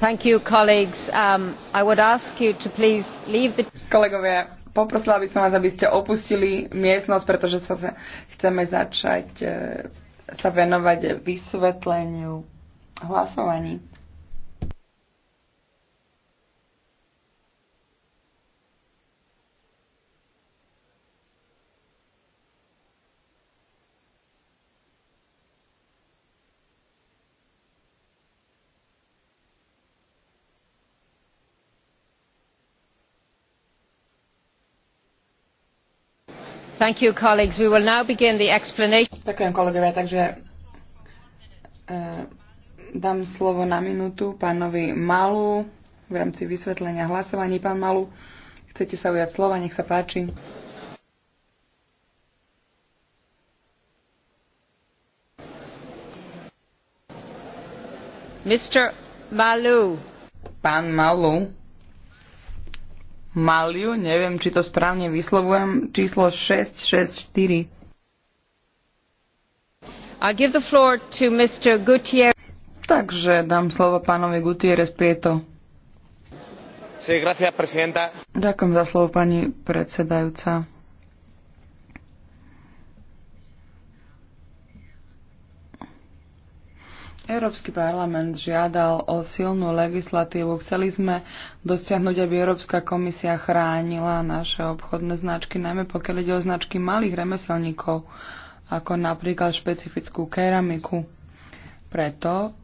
Um, Kolegovia, poprosila by som vás, aby ste opustili miestnosť, pretože sa chceme začať eh, sa venovať vysvetleniu hlasovaní. Ďakujem kolegovia, takže eh, dám slovo na minútu pánovi Malu v rámci vysvetlenia hlasovaní. Pán Malu, chcete sa ujať slova, nech sa páči. Mr. Malu. Pán Malu. Maliu, neviem, či to správne vyslovujem, číslo 664. I give the floor to Mr. Gutierrez. Takže dám slovo pánovi Gutierrez Prieto. Sí, gracias, Ďakujem za slovo, pani predsedajúca. Európsky parlament žiadal o silnú legislatívu. Chceli sme dosiahnuť, aby Európska komisia chránila naše obchodné značky, najmä pokiaľ ide o značky malých remeselníkov, ako napríklad špecifickú keramiku. Preto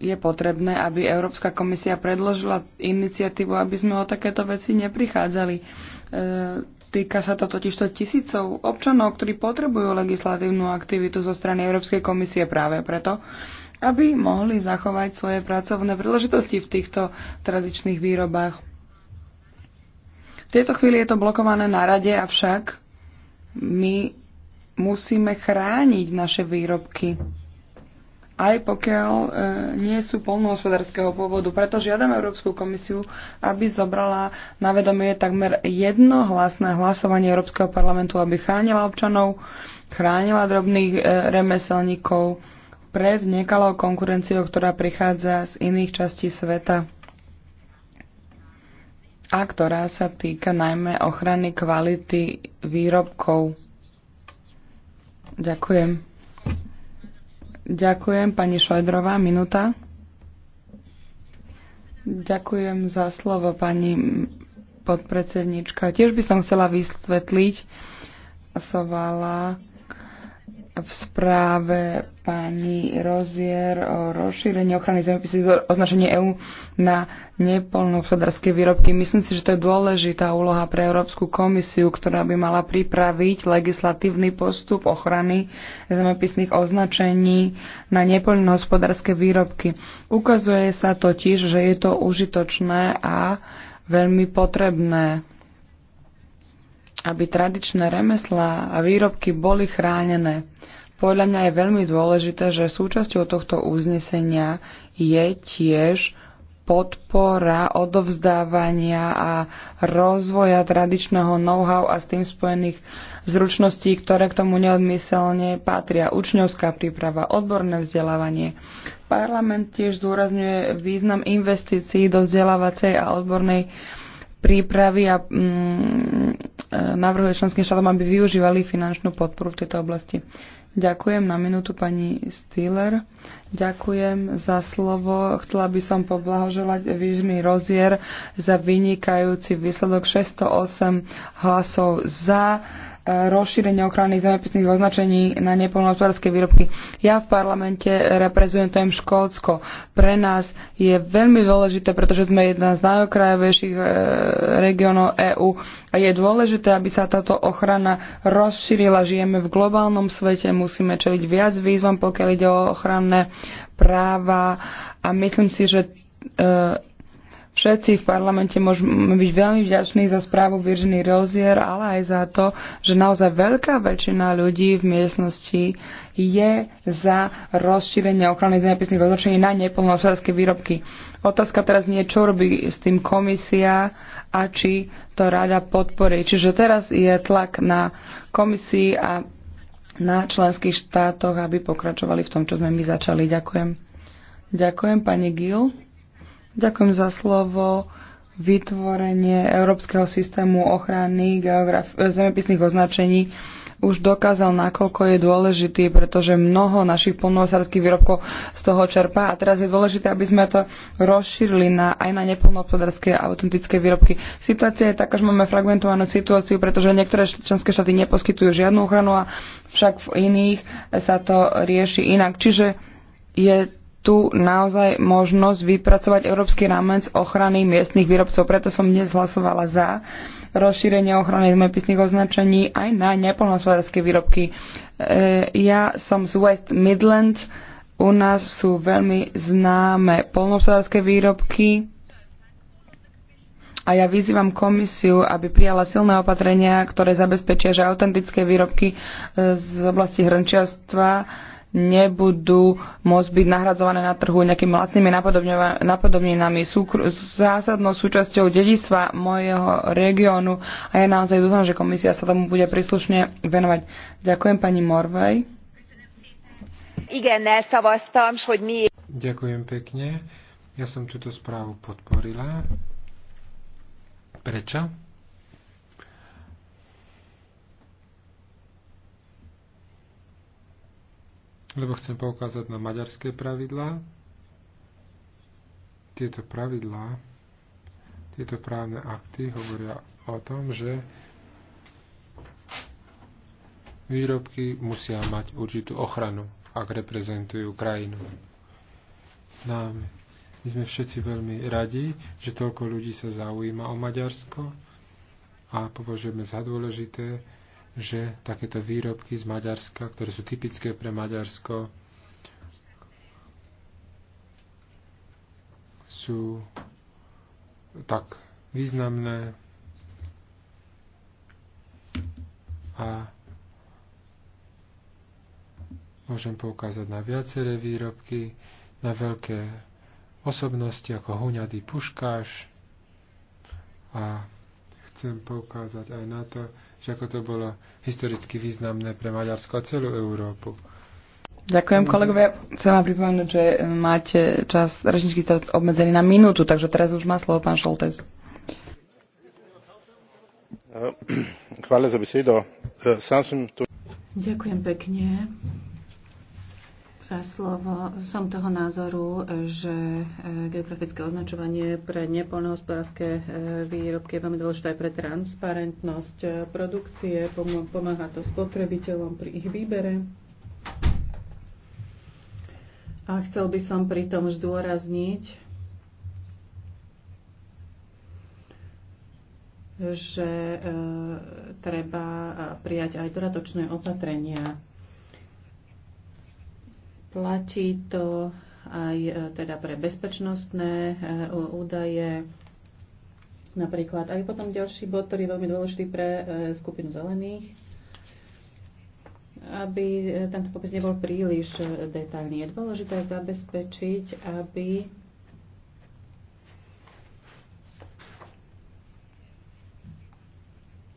je potrebné, aby Európska komisia predložila iniciatívu, aby sme o takéto veci neprichádzali. E, týka sa to totižto tisícov občanov, ktorí potrebujú legislatívnu aktivitu zo strany Európskej komisie práve preto, aby mohli zachovať svoje pracovné príležitosti v týchto tradičných výrobách. V tejto chvíli je to blokované na rade, avšak my musíme chrániť naše výrobky aj pokiaľ e, nie sú polnohospodárskeho pôvodu. Preto žiadam Európsku komisiu, aby zobrala na vedomie takmer jednohlasné hlasovanie Európskeho parlamentu, aby chránila občanov, chránila drobných e, remeselníkov pred nekalou konkurenciou, ktorá prichádza z iných častí sveta a ktorá sa týka najmä ochrany kvality výrobkov. Ďakujem. Ďakujem, pani Šojdrová, minúta. Ďakujem za slovo, pani podpredsednička. Tiež by som chcela vysvetliť, sovala v správe pani Rozier o rozšírení ochrany zemepisy označenie EÚ na nepolnohospodárske výrobky. Myslím si, že to je dôležitá úloha pre Európsku komisiu, ktorá by mala pripraviť legislatívny postup ochrany zemepisných označení na nepolnohospodárske výrobky. Ukazuje sa totiž, že je to užitočné a veľmi potrebné aby tradičné remeslá a výrobky boli chránené. Podľa mňa je veľmi dôležité, že súčasťou tohto uznesenia je tiež podpora odovzdávania a rozvoja tradičného know-how a s tým spojených zručností, ktoré k tomu neodmyselne patria učňovská príprava, odborné vzdelávanie. Parlament tiež zdôrazňuje význam investícií do vzdelávacej a odbornej prípravy a mm, e, navrhuje členským štátom, aby využívali finančnú podporu v tejto oblasti. Ďakujem na minútu pani Stiller. Ďakujem za slovo. Chcela by som poblahoželať Výžny Rozier za vynikajúci výsledok 608 hlasov za rozšírenie ochrany zemepisných označení na nepolnohospodárske výrobky. Ja v parlamente reprezentujem Škótsko. Pre nás je veľmi dôležité, pretože sme jedna z najokrajovejších e, regiónov EÚ a je dôležité, aby sa táto ochrana rozšírila. Žijeme v globálnom svete, musíme čeliť viac výzvam, pokiaľ ide o ochranné práva a myslím si, že e, Všetci v parlamente môžeme byť veľmi vďační za správu Virginie Rozier, ale aj za to, že naozaj veľká väčšina ľudí v miestnosti je za rozšírenie ochrany zemepisných označení na nepolnohospodárske výrobky. Otázka teraz nie, čo robí s tým komisia a či to rada podporí. Čiže teraz je tlak na komisii a na členských štátoch, aby pokračovali v tom, čo sme my začali. Ďakujem. Ďakujem, pani Gill. Ďakujem za slovo. Vytvorenie Európskeho systému ochrany zemepisných označení už dokázal, nakoľko je dôležitý, pretože mnoho našich polnohospodárských výrobkov z toho čerpá a teraz je dôležité, aby sme to rozšírili na, aj na nepolnohospodárske a autentické výrobky. Situácia je taká, že máme fragmentovanú situáciu, pretože niektoré členské štáty neposkytujú žiadnu ochranu a však v iných sa to rieši inak. Čiže je tu naozaj možnosť vypracovať európsky rámec ochrany miestnych výrobcov. Preto som dnes hlasovala za rozšírenie ochrany zmepisných označení aj na nepolnohospodárske výrobky. E, ja som z West Midlands. U nás sú veľmi známe polnohospodárske výrobky a ja vyzývam komisiu, aby prijala silné opatrenia, ktoré zabezpečia, že autentické výrobky e, z oblasti hrnčiarstva nebudú môcť byť nahradzované na trhu nejakými vlastnými napodobninami. Sú zásadnou súčasťou dedistva mojho regiónu a ja naozaj dúfam, že komisia sa tomu bude príslušne venovať. Ďakujem pani Morvaj. Ďakujem pekne. Ja som túto správu podporila. Prečo? lebo chcem poukázať na maďarské pravidlá. Tieto pravidlá, tieto právne akty hovoria o tom, že výrobky musia mať určitú ochranu, ak reprezentujú krajinu. Nám, my sme všetci veľmi radi, že toľko ľudí sa zaujíma o Maďarsko a považujeme za dôležité, že takéto výrobky z Maďarska, ktoré sú typické pre Maďarsko, sú tak významné a môžem poukázať na viaceré výrobky, na veľké osobnosti ako Huňady puškáš a chcem poukázať aj na to, že ako to bolo historicky významné pre Maďarsko a celú Európu. Ďakujem kolegovia. Chcem vám pripomenúť, že máte čas rečničky teraz obmedzený na minútu, takže teraz už má slovo pán Šoltes. Chvále za besedo. Sám som tu... Ďakujem pekne. Za slovo. Som toho názoru, že e, geografické označovanie pre nepolnohospodárske e, výrobky je veľmi dôležité aj pre transparentnosť e, produkcie. Pomáha to spotrebiteľom pri ich výbere. A chcel by som pritom zdôrazniť, že e, treba prijať aj dodatočné opatrenia Platí to aj e, teda pre bezpečnostné e, údaje, napríklad. aj potom ďalší bod, ktorý je veľmi dôležitý pre e, skupinu zelených, aby tento popis nebol príliš detailný. Je dôležité zabezpečiť, aby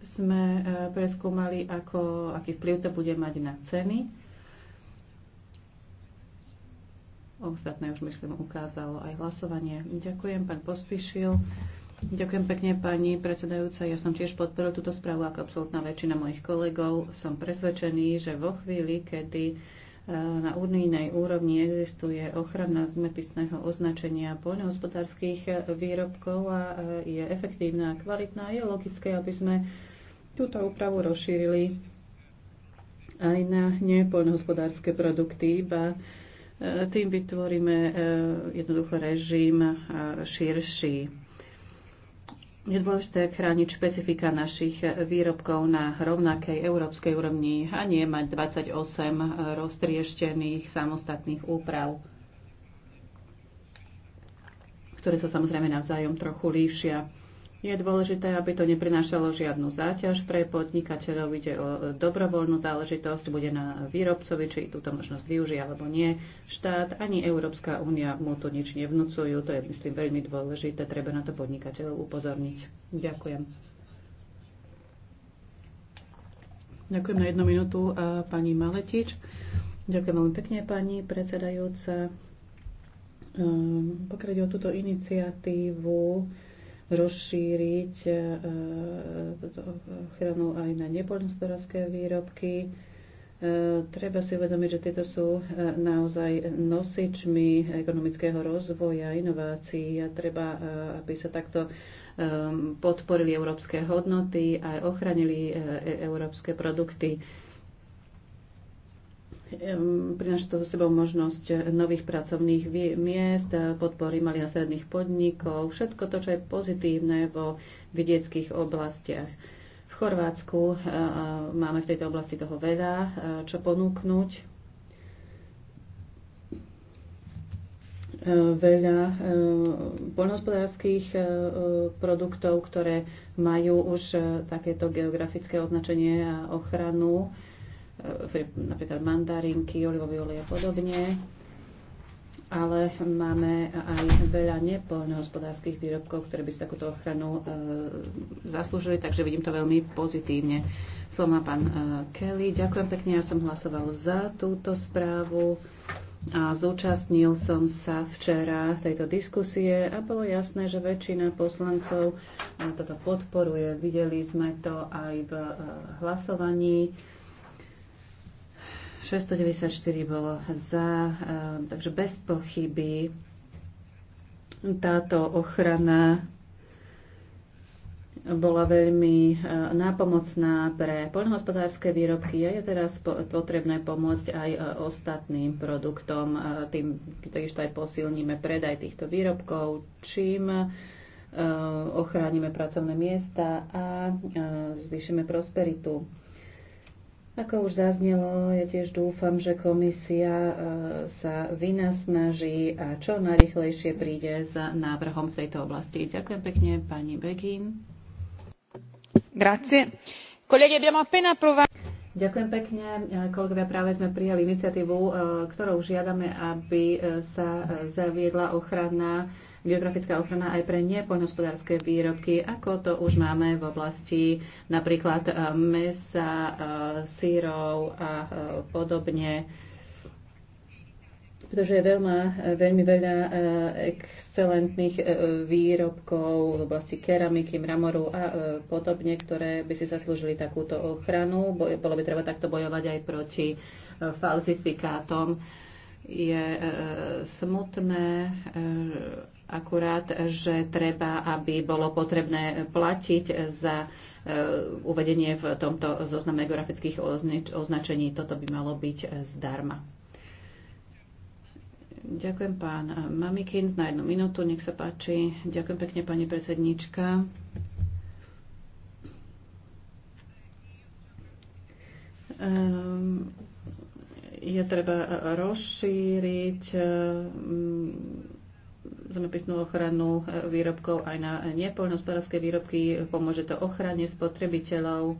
sme preskúmali, ako, aký vplyv to bude mať na ceny Ostatné už myslím ukázalo aj hlasovanie. Ďakujem, pán Pospíšil. Ďakujem pekne, pani predsedajúca. Ja som tiež podporil túto správu ako absolútna väčšina mojich kolegov. Som presvedčený, že vo chvíli, kedy e, na unijnej úrovni existuje ochrana zmepisného označenia poľnohospodárských e, výrobkov a e, je efektívna a kvalitná, je logické, aby sme túto úpravu rozšírili aj na nepoľnohospodárske produkty, iba tým vytvoríme e, jednoducho režim e, širší. Je dôležité chrániť špecifika našich výrobkov na rovnakej európskej úrovni a nie mať 28 roztrieštených samostatných úprav ktoré sa samozrejme navzájom trochu líšia. Je dôležité, aby to neprinášalo žiadnu záťaž pre podnikateľov. Ide o e, dobrovoľnú záležitosť, bude na výrobcovi, či túto možnosť využije alebo nie. Štát ani Európska únia mu tu nič nevnúcujú. To je, myslím, veľmi dôležité. Treba na to podnikateľov upozorniť. Ďakujem. Ďakujem na jednu minútu e, pani Maletič. Ďakujem veľmi pekne, pani predsedajúca. E, pokiaľ o túto iniciatívu, rozšíriť e, e, túto ochranu e, aj na nepoľnospodárske výrobky. Treba si uvedomiť, že tieto sú naozaj nosičmi ekonomického rozvoja, inovácií a treba, aby sa takto podporili európske hodnoty a ochranili európske produkty. Prináša to so sebou možnosť nových pracovných miest, podpory malých a stredných podnikov, všetko to, čo je pozitívne vo vidieckých oblastiach. V Chorvátsku máme v tejto oblasti toho veľa, čo ponúknuť. veľa poľnohospodárských e, produktov, ktoré majú už e, takéto geografické označenie a ochranu E, napríklad mandarinky, olivový olej a podobne. Ale máme aj veľa nepoľnohospodárských výrobkov, ktoré by si takúto ochranu e, zaslúžili, takže vidím to veľmi pozitívne. Slovo má pán e, Kelly. Ďakujem pekne, ja som hlasoval za túto správu a zúčastnil som sa včera tejto diskusie a bolo jasné, že väčšina poslancov toto podporuje. Videli sme to aj v e, hlasovaní. 694 bolo za, eh, takže bez pochyby táto ochrana bola veľmi eh, nápomocná pre poľnohospodárske výrobky a je teraz potrebné pomôcť aj eh, ostatným produktom, tým takisto aj posilníme predaj týchto výrobkov, čím ochránime pracovné miesta a zvýšime prosperitu. Ako už zaznelo, ja tiež dúfam, že komisia e, sa vynasnaží a čo najrychlejšie príde s návrhom v tejto oblasti. Ďakujem pekne, pani Begin. Grazie. Kolegi, abbiamo appena approvato... Ďakujem pekne. E, kolegovia, práve sme prijali iniciatívu, e, ktorou žiadame, aby sa zaviedla ochrana geografická ochrana aj pre nepoľnohospodárske výrobky, ako to už máme v oblasti napríklad e, mesa, e, sírov a e, podobne pretože je veľma, veľmi veľa excelentných výrobkov v oblasti keramiky, mramoru a podobne, ktoré by si zaslúžili takúto ochranu. Bolo by treba takto bojovať aj proti falzifikátom. Je smutné, akurát, že treba, aby bolo potrebné platiť za e, uvedenie v tomto zozname geografických označení. Toto by malo byť e, zdarma. Ďakujem pán Mamikins na jednu minútu, nech sa páči. Ďakujem pekne pani predsednička. Ehm, je treba rozšíriť zemepisnú ochranu e, výrobkov aj na nepoľnohospodárske výrobky. Pomôže to ochrane spotrebiteľov.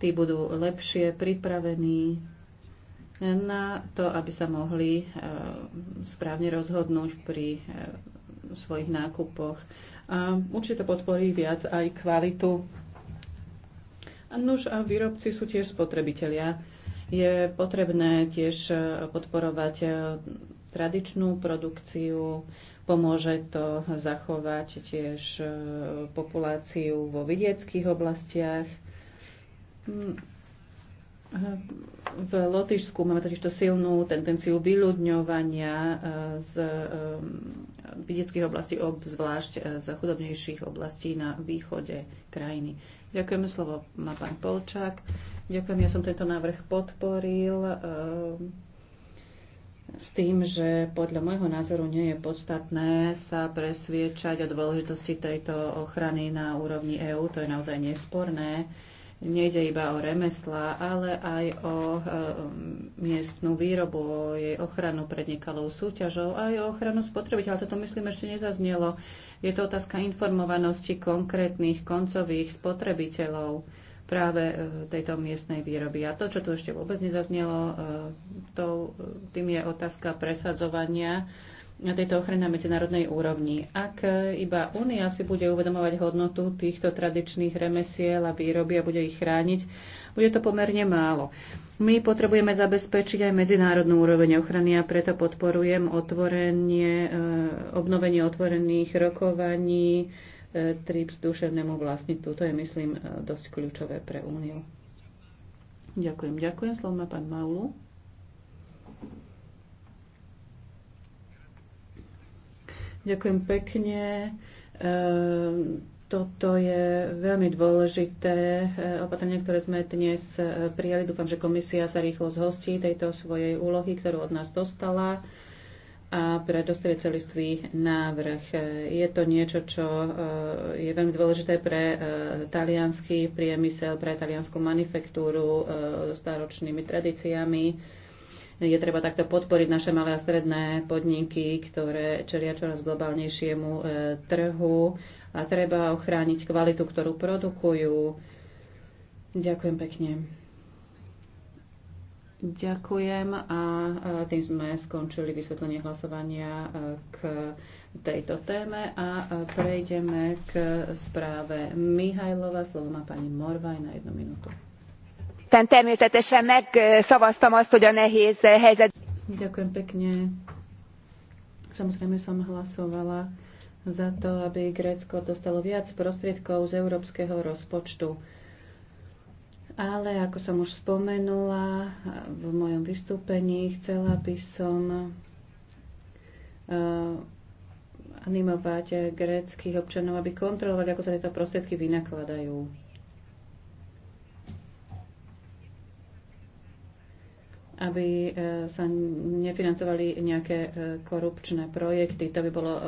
Tí budú lepšie pripravení na to, aby sa mohli e, správne rozhodnúť pri e, svojich nákupoch. A určite podporí viac aj kvalitu. Nuž a výrobci sú tiež spotrebitelia. Je potrebné tiež podporovať tradičnú produkciu, Pomôže to zachovať tiež e, populáciu vo vidieckých oblastiach. Mm, e, v Lotyšsku máme takisto silnú tendenciu vyľudňovania e, z vidieckých oblastí, obzvlášť z chudobnejších oblastí na východe krajiny. Ďakujeme slovo, má pán Polčák. Ďakujem, ja som tento návrh podporil s tým, že podľa môjho názoru nie je podstatné sa presviečať o dôležitosti tejto ochrany na úrovni EÚ, to je naozaj nesporné. Nejde iba o remesla, ale aj o e, um, miestnú výrobu, o jej ochranu pred nekalou súťažou, aj o ochranu spotrebiteľa. Toto myslím ešte nezaznelo. Je to otázka informovanosti konkrétnych koncových spotrebiteľov práve e, tejto miestnej výroby. A to, čo tu ešte vôbec nezaznelo, e, to, e, tým je otázka presadzovania tejto ochrany na medzinárodnej úrovni. Ak iba Únia si bude uvedomovať hodnotu týchto tradičných remesiel a výroby a bude ich chrániť, bude to pomerne málo. My potrebujeme zabezpečiť aj medzinárodnú úroveň ochrany a preto podporujem otvorenie, obnovenie otvorených rokovaní TRIPS duševnému vlastníctvu. To je, myslím, e, dosť kľúčové pre Úniu. Ďakujem, ďakujem. Slovo má pán Maulu. Ďakujem pekne. E, toto je veľmi dôležité e, opatrenie, ktoré sme dnes prijali. Dúfam, že komisia sa rýchlo zhostí tejto svojej úlohy, ktorú od nás dostala a pre dostriecelistvý návrh. E, je to niečo, čo e, je veľmi dôležité pre e, talianský priemysel, pre taliansku manufaktúru so staročnými tradíciami. Je treba takto podporiť naše malé a stredné podniky, ktoré čelia čoraz globálnejšiemu trhu a treba ochrániť kvalitu, ktorú produkujú. Ďakujem pekne. Ďakujem a e, tým sme skončili vysvetlenie hlasovania e, k tejto téme a e, prejdeme k správe Mihajlova. Slovo má pani Morvaj na jednu minútu. Természetesen megszavaztam azt, hogy a nehéz helyzet... Ďakujem pekne. Samozrejme som hlasovala za to, aby Grécko dostalo viac prostriedkov z európskeho rozpočtu ale ako som už spomenula v mojom vystúpení, chcela by som eh, animovať gréckých občanov, aby kontrolovali, ako sa tieto prostriedky vynakladajú. aby e, sa nefinancovali nejaké e, korupčné projekty. To by bolo e,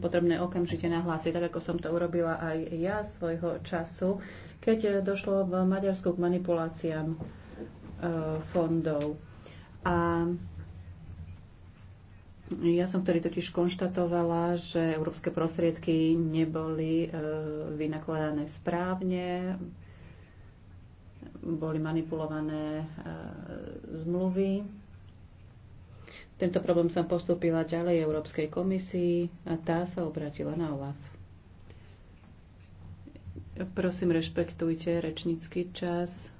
potrebné okamžite nahlásiť, tak ako som to urobila aj ja svojho času, keď došlo v Maďarsku k manipuláciám fondov. A ja som vtedy totiž konštatovala, že európske prostriedky neboli vynakladané správne, boli manipulované e, zmluvy. Tento problém som postúpila ďalej Európskej komisii a tá sa obratila na OLAF. Prosím, rešpektujte rečnícky čas.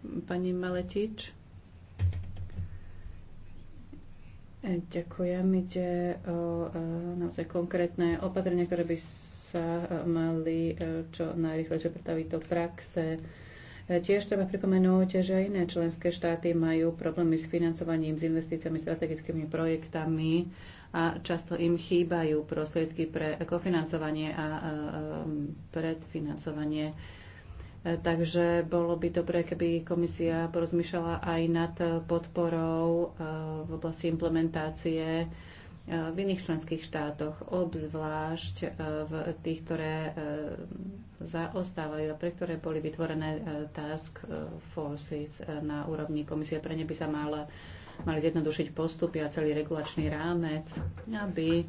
Pani Maletič. Ďakujem. Ide o e, naozaj konkrétne opatrenia, ktoré by sa e, mali čo najrychlejšie pretaviť do praxe. Tiež treba pripomenúť, že iné členské štáty majú problémy s financovaním, s investíciami, strategickými projektami a často im chýbajú prostriedky pre kofinancovanie a predfinancovanie. Takže bolo by dobré, keby komisia porozmýšľala aj nad podporou v oblasti implementácie E, v iných členských štátoch, obzvlášť e, v tých, ktoré e, zaostávajú a pre ktoré boli vytvorené task forces na úrovni komisie. Pre ne by sa mal, mali zjednodušiť postupy a celý regulačný rámec, aby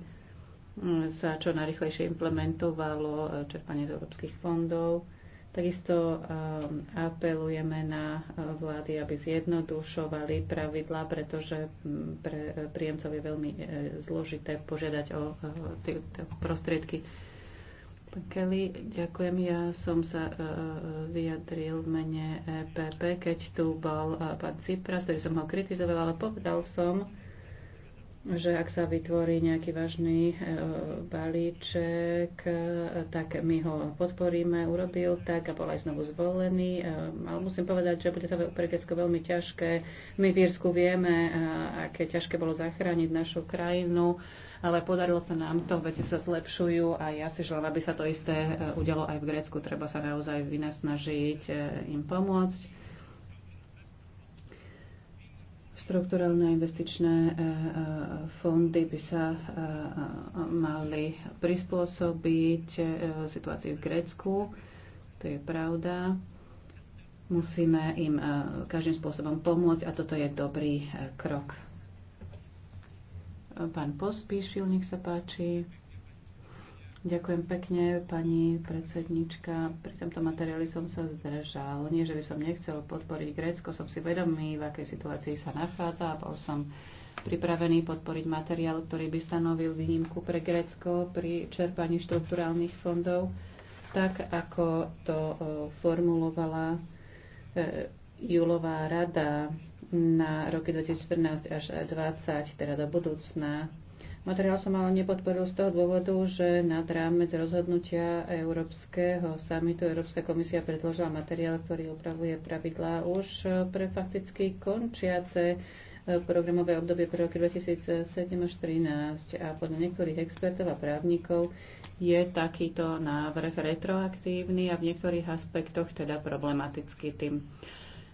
mm, sa čo najrychlejšie implementovalo čerpanie z európskych fondov Takisto ehm, apelujeme na eh, vlády, aby zjednodušovali pravidlá, pretože mm, pre eh, príjemcov je veľmi eh, zložité požiadať o tie prostriedky. Pán Kelly, ďakujem. Ja som sa vyjadril v mene EPP, keď tu bol pán Cipras, ktorý som ho kritizoval, ale povedal som, že ak sa vytvorí nejaký vážny e, balíček, e, tak my ho podporíme, urobil tak a bol aj znovu zvolený. E, ale musím povedať, že bude to pre Grécko veľmi ťažké. My v Írsku vieme, aké ťažké bolo zachrániť našu krajinu, ale podarilo sa nám to, veci sa zlepšujú a ja si želám, aby sa to isté udialo aj v Grécku. Treba sa naozaj vynasnažiť im pomôcť Štrukturálne investičné e, e, fondy by sa e, mali prispôsobiť situácii v Grécku. To je pravda. Musíme im každým spôsobom pomôcť a toto je dobrý krok. Pán Pospíšil, nech sa páči. Ďakujem pekne, pani predsednička. Pri tomto materiáli som sa zdržal. Nie, že by som nechcel podporiť Grécko, som si vedomý, v akej situácii sa nachádza a bol som pripravený podporiť materiál, ktorý by stanovil výnimku pre Grécko pri čerpaní štrukturálnych fondov, tak ako to e, formulovala e, Julová rada na roky 2014 až 2020, teda do budúcna Materiál som ale nepodporil z toho dôvodu, že nad rámec rozhodnutia Európskeho samitu Európska komisia predložila materiál, ktorý upravuje pravidlá už pre fakticky končiace eh, programové obdobie pre roky 2007 až 2013 a podľa niektorých expertov a právnikov je takýto návrh retroaktívny a v niektorých aspektoch teda problematický tým.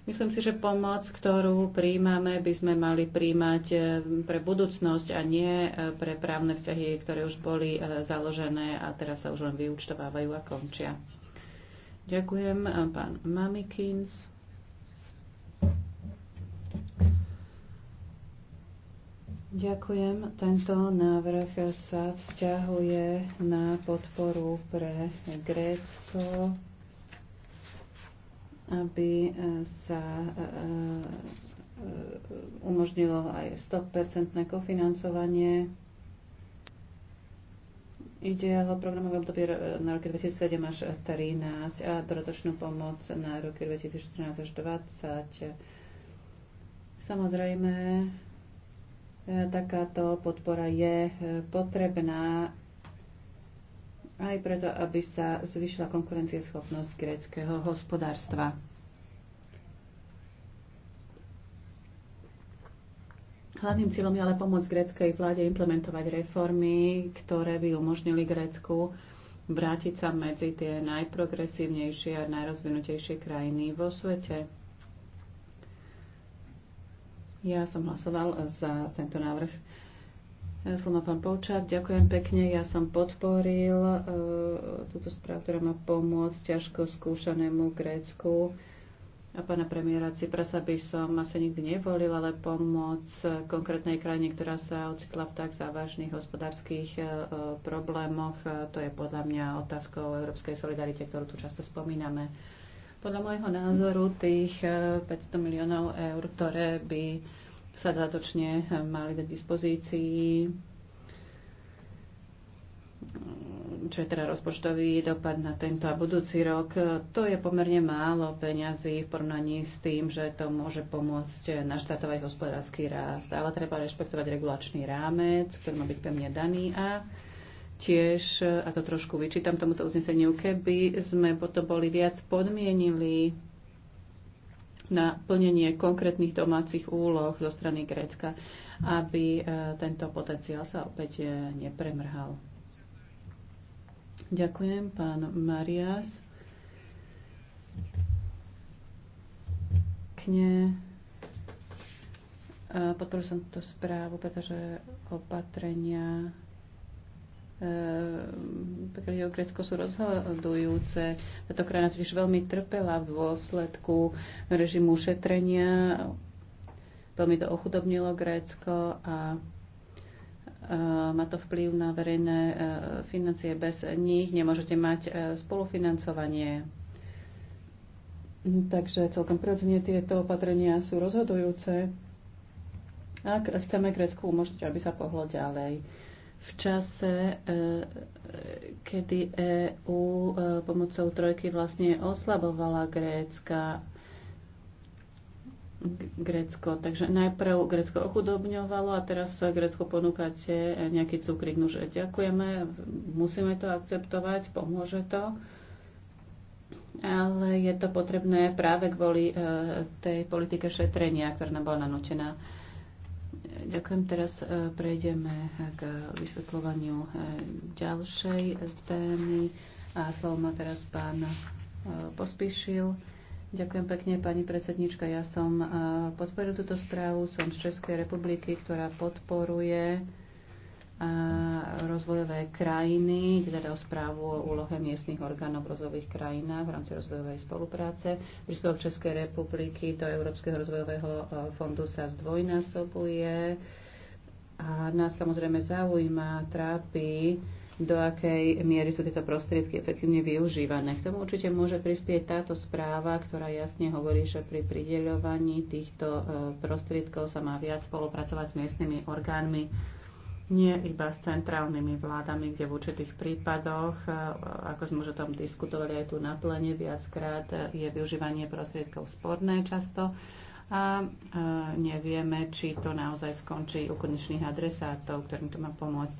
Myslím si, že pomoc, ktorú príjmame, by sme mali príjmať eh, pre budúcnosť a nie eh, pre právne vzťahy, ktoré už boli eh, založené a teraz sa už len vyúčtovávajú a končia. Ďakujem, pán Mamikins. Ďakujem. Tento návrh sa vzťahuje na podporu pre Grécko aby e, sa e, e, umožnilo aj 100% kofinancovanie. Ide o programové obdobie na roky 2007 až 2013 a dodatočnú pomoc na roky 2014 až 2020. Samozrejme, takáto podpora je potrebná aj preto, aby sa zvyšila konkurencieschopnosť gréckého hospodárstva. Hlavným cieľom je ale pomôcť gréckej vláde implementovať reformy, ktoré by umožnili Grécku vrátiť sa medzi tie najprogresívnejšie a najrozvinutejšie krajiny vo svete. Ja som hlasoval za tento návrh E, Slova pán Polčák, ďakujem pekne. Ja som podporil e, túto správu, ktorá má pomôcť ťažko skúšanému Grécku. A pána premiéra Ciprasa by som asi nikdy nevolil, ale pomoc konkrétnej krajine, ktorá sa ocitla v tak závažných hospodárskych e, problémoch, e, to je podľa mňa otázkou európskej solidarite, ktorú tu často spomíname. Podľa môjho názoru tých 500 e, miliónov eur, ktoré by sa dodatočne eh, mali dať dispozícii eh, čo je teda rozpočtový dopad na tento a budúci rok, to je pomerne málo peňazí v porovnaní s tým, že to môže pomôcť eh, naštartovať hospodársky rast. Ale treba rešpektovať regulačný rámec, ktorý má byť pevne daný a tiež, a to trošku vyčítam tomuto uzneseniu, keby sme potom boli viac podmienili na plnenie konkrétnych domácich úloh zo strany Grécka, aby e, tento potenciál sa opäť e, nepremrhal. Ďakujem, pán Marias. Kne e, Podporil som túto správu, pretože opatrenia Ehm, pokiaľ o Grécko, sú rozhodujúce. Táto krajina totiž veľmi trpela v dôsledku režimu šetrenia. Veľmi to ochudobnilo Grécko a má to vplyv na verejné e, financie. Bez nich nemôžete mať e, spolufinancovanie. Takže celkom prirodzene tieto opatrenia sú rozhodujúce, ak chceme Grécku umožniť, aby sa pohlo ďalej v čase, e, kedy EU e, pomocou trojky vlastne oslabovala Grécka, Grécko. Takže najprv Grécko ochudobňovalo a teraz Grécko ponúkate e, nejaký cukrik. Nože ďakujeme, musíme to akceptovať, pomôže to. Ale je to potrebné práve kvôli tej politike šetrenia, ktorá nám bola nanútená. Ďakujem. Teraz e, prejdeme k vysvetľovaniu e, ďalšej témy. A slovo má teraz pán e, Pospíšil. Ďakujem pekne, pani predsednička. Ja som podporil túto správu. Som z Českej republiky, ktorá podporuje rozvojové krajiny, teda o správu o úlohe miestnych orgánov v rozvojových krajinách v rámci rozvojovej spolupráce. Príspevok Českej republiky do Európskeho rozvojového e, fondu sa zdvojnásobuje a nás samozrejme zaujíma, trápi, do akej miery sú tieto prostriedky efektívne využívané. K tomu určite môže prispieť táto správa, ktorá jasne hovorí, že pri prideľovaní týchto e, prostriedkov sa má viac spolupracovať s miestnymi orgánmi nie iba s centrálnymi vládami, kde v určitých prípadoch, ako sme už o tom diskutovali aj tu na plene viackrát, je využívanie prostriedkov sporné často a nevieme, či to naozaj skončí u konečných adresátov, ktorým to má pomôcť.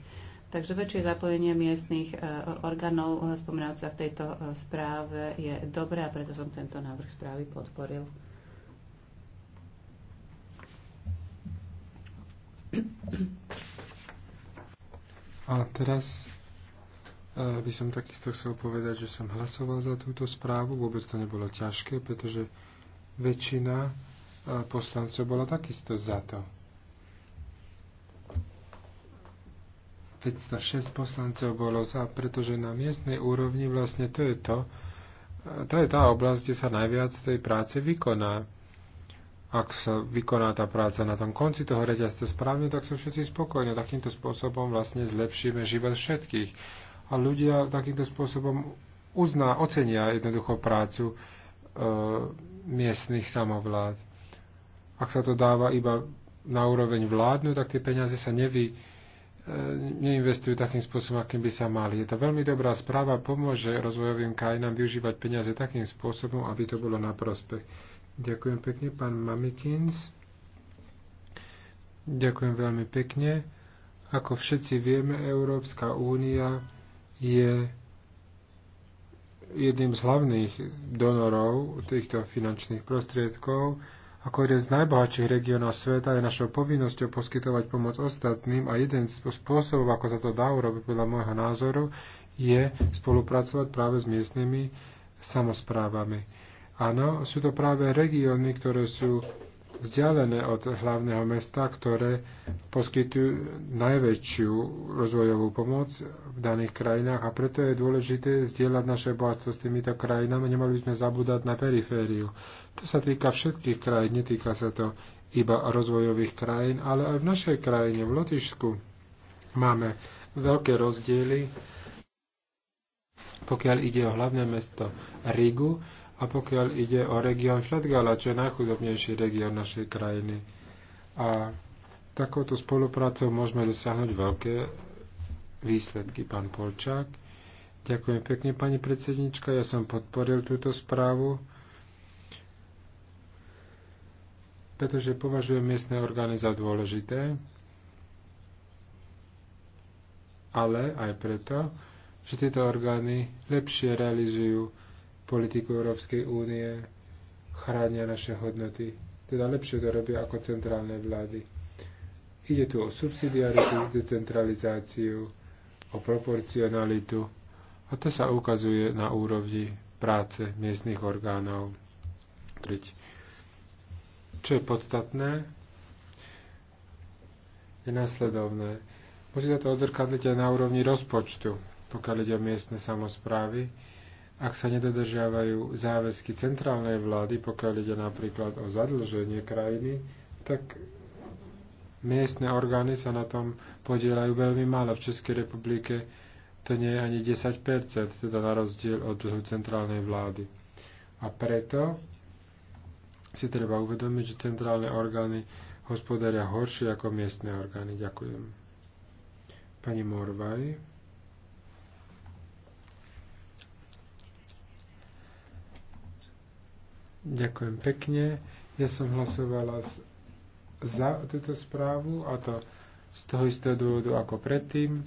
Takže väčšie zapojenie miestnych orgánov, spomínajúce sa v tejto správe, je dobré a preto som tento návrh správy podporil. Thank you. A teraz e, by som takisto chcel povedať, že som hlasoval za túto správu. Vôbec to nebolo ťažké, pretože väčšina e, poslancov bola takisto za to. 506 poslancov bolo za, pretože na miestnej úrovni vlastne to je to, e, to je tá oblasť, kde sa najviac tej práce vykoná ak sa vykoná tá práca na tom konci toho reťazca správne, tak sú všetci spokojní. Takýmto spôsobom vlastne zlepšíme život všetkých. A ľudia takýmto spôsobom uzná, ocenia jednoducho prácu e, miestnych samovlád. Ak sa to dáva iba na úroveň vládnu, tak tie peniaze sa nevy, e, neinvestujú takým spôsobom, akým by sa mali. Je to veľmi dobrá správa, pomôže rozvojovým krajinám využívať peniaze takým spôsobom, aby to bolo na prospech. Ďakujem pekne, pán Mamikins. Ďakujem veľmi pekne. Ako všetci vieme, Európska únia je jedným z hlavných donorov týchto finančných prostriedkov. Ako jeden z najbohatších regiónov sveta je našou povinnosťou poskytovať pomoc ostatným a jeden z spôsobov, ako sa to dá urobiť podľa môjho názoru, je spolupracovať práve s miestnymi samozprávami. Áno, sú to práve regióny, ktoré sú vzdialené od hlavného mesta, ktoré poskytujú najväčšiu rozvojovú pomoc v daných krajinách a preto je dôležité zdieľať naše bohatstvo s týmito krajinami. Nemali by sme zabúdať na perifériu. To sa týka všetkých krajín, netýka sa to iba rozvojových krajín, ale aj v našej krajine, v Lotyšsku, máme veľké rozdiely, pokiaľ ide o hlavné mesto Rigu a pokiaľ ide o región Flatgala, čo je najchudobnejší región našej krajiny. A takouto spoluprácou môžeme dosiahnuť veľké výsledky, pán Polčák. Ďakujem pekne, pani predsednička, ja som podporil túto správu, pretože považujem miestne orgány za dôležité, ale aj preto, že tieto orgány lepšie realizujú politiku Európskej únie, chránia naše hodnoty. Teda lepšie to robia ako centrálne vlády. Ide tu o subsidiaritu, decentralizáciu, o proporcionalitu a to sa ukazuje na úrovni práce miestnych orgánov. Čo je podstatné, je nasledovné. Musí sa to odzrkadliť aj na úrovni rozpočtu, pokiaľ ide o miestne samozprávy ak sa nedodržiavajú záväzky centrálnej vlády, pokiaľ ide napríklad o zadlženie krajiny, tak miestne orgány sa na tom podielajú veľmi málo. V Českej republike to nie je ani 10%, teda na rozdiel od dlhu centrálnej vlády. A preto si treba uvedomiť, že centrálne orgány hospodária horšie ako miestne orgány. Ďakujem. Pani Morvaj. Ďakujem pekne. Ja som hlasovala za túto správu a to z toho istého dôvodu ako predtým.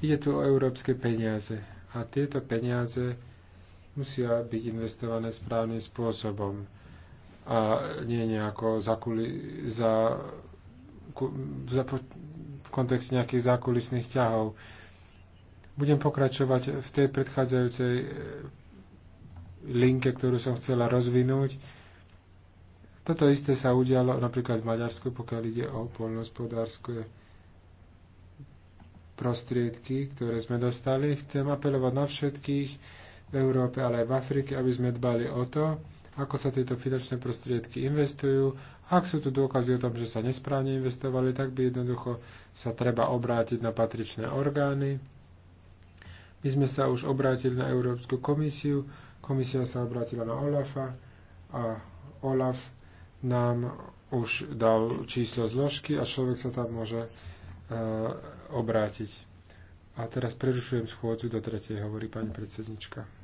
Ide tu o európske peniaze a tieto peniaze musia byť investované správnym spôsobom a nie nejako za, kuli, za, ku, za po, v kontexte nejakých zákulisných ťahov. Budem pokračovať v tej predchádzajúcej linke, ktorú som chcela rozvinúť. Toto isté sa udialo napríklad v Maďarsku, pokiaľ ide o poľnohospodárske prostriedky, ktoré sme dostali. Chcem apelovať na všetkých v Európe, ale aj v Afrike, aby sme dbali o to, ako sa tieto finančné prostriedky investujú. Ak sú tu dôkazy o tom, že sa nesprávne investovali, tak by jednoducho sa treba obrátiť na patričné orgány. My sme sa už obrátili na Európsku komisiu Komisia sa obrátila na Olafa a Olaf nám už dal číslo zložky a človek sa tam môže e, obrátiť. A teraz prerušujem schôdzu do tretej, hovorí pani predsednička.